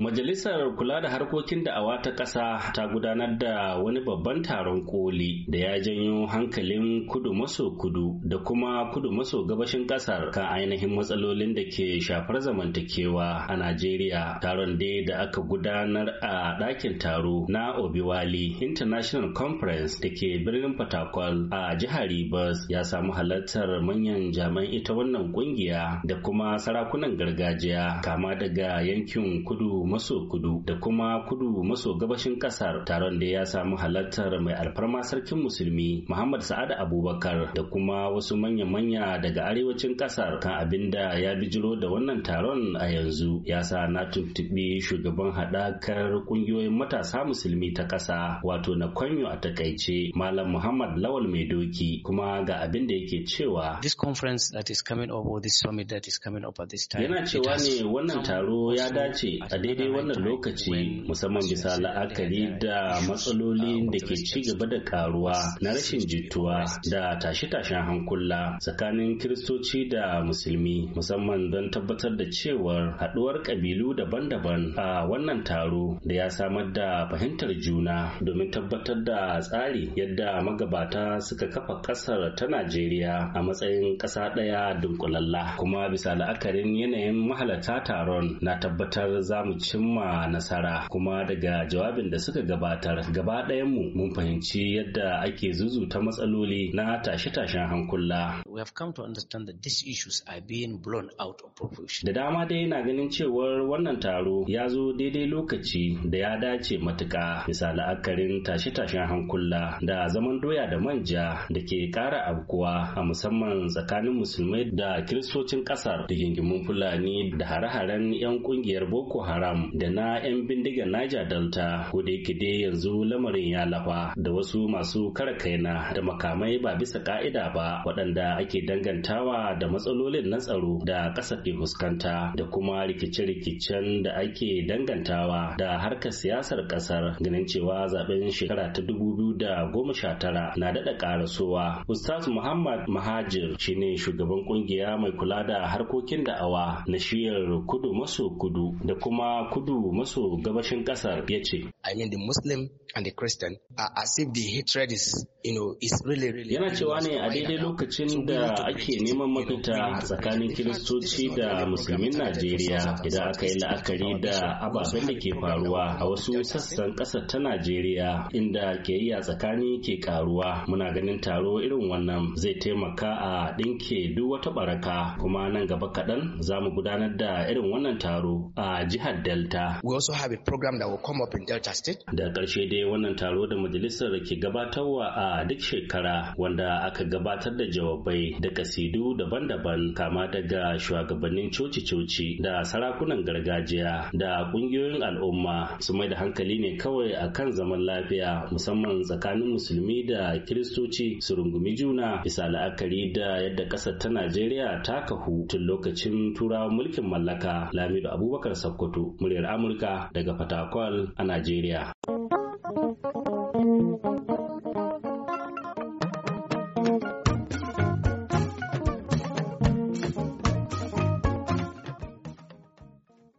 Majalisar kula da harkokin da'awa ta ƙasa ta gudanar da wani babban taron koli da ya janyo hankalin kudu maso kudu da kuma kudu maso gabashin ƙasar kan ainihin matsalolin da ke shafar zamantakewa a Najeriya. Taron dai da aka gudanar a ɗakin taro na Obiwali International Conference da ke birnin Fatakwal a jihar Rivers ya samu halartar manyan jami'an ita wannan ƙungiya da kuma sarakunan gargajiya kama daga yankin kudu maso kudu da kuma kudu maso gabashin kasar taron da ya samu halartar mai alfarma sarkin musulmi muhammad sa'ad abubakar da kuma wasu manya-manya daga arewacin kasar kan abin da ya bijiro da wannan taron a yanzu ya sa na tuntuɓi shugaban haɗakar ƙungiyoyin matasa musulmi ta ƙasa wato na kwanyo a takaice malam muhammad lawal mai doki kuma ga abin da yake cewa this conference that is coming up or this summit that is coming up at this time yana cewa ne wannan taro ya dace a daidai daidai wannan lokaci musamman bisa la'akari da matsalolin da ke ci gaba da karuwa na rashin jituwa da tashe-tashen hankula tsakanin kiristoci da musulmi musamman don tabbatar da cewar haɗuwar ƙabilu daban-daban a wannan taro da ya samar da fahimtar juna domin tabbatar da tsari yadda magabata suka kafa ƙasar ta Najeriya a matsayin ƙasa ɗaya dunkulalla kuma bisa la'akarin yanayin mahalarta taron na tabbatar zamu mu cimma nasara kuma daga jawabin da suka gabatar gaba ɗayanmu mun fahimci yadda ake zuzuta matsaloli na tashe-tashen hankula. We have come to understand that these issues are being blown out of proportion. Da dama dai na ganin cewar wannan taro ya zo daidai lokaci da ya dace matuka bisa la'akarin tashe-tashen hankula da zaman doya da manja da ke ƙara abkuwa a musamman tsakanin musulmai da kiristocin ƙasar da gingimin fulani da hare-haren 'yan ƙungiyar Boko Haram Haram da na 'yan bindigar Niger Delta ko da yake yanzu lamarin ya lafa da wasu masu kare kaina da makamai ba bisa ka'ida ba waɗanda ake dangantawa da matsalolin na tsaro da ƙasa ke fuskanta da kuma rikice-rikicen da ake dangantawa da harkar siyasar ƙasar ganin cewa zaben shekara ta dubu biyu da goma sha tara na daɗa ƙarasowa. Ustaz Muhammad Mahajir shi ne shugaban ƙungiya mai kula da harkokin da'awa na shiyar kudu maso kudu da kuma kudu maso gabashin kasar ya ce. I mean the Muslim and the Christian are as if the hatred is you know is really really Yana cewa ne a daidai lokacin da ake neman mafita tsakanin Kiristoci da Musulmin Najeriya idan aka yi la'akari da ababen da ke faruwa a wasu sassan kasar ta Najeriya inda ke yi a tsakani ke karuwa muna ganin taro irin wannan zai taimaka a ɗinke duk wata baraka kuma nan gaba kaɗan za mu gudanar da irin wannan taro a jihar Delta. We also have a program that will come up in Delta State. Da ƙarshe dai wannan taro da majalisar ke gabatarwa a duk shekara wanda aka gabatar da jawabai da kasidu daban-daban kama daga shugabannin coci-coci da sarakunan gargajiya da ƙungiyoyin al'umma su mai da hankali ne kawai a kan zaman lafiya musamman tsakanin musulmi da kiristoci su rungumi juna bisa la'akari da yadda ƙasar ta Najeriya ta kahu tun lokacin turawan mulkin mallaka Lamido Abubakar Sokoto muryar Amurka daga Fatakwal a Najeriya.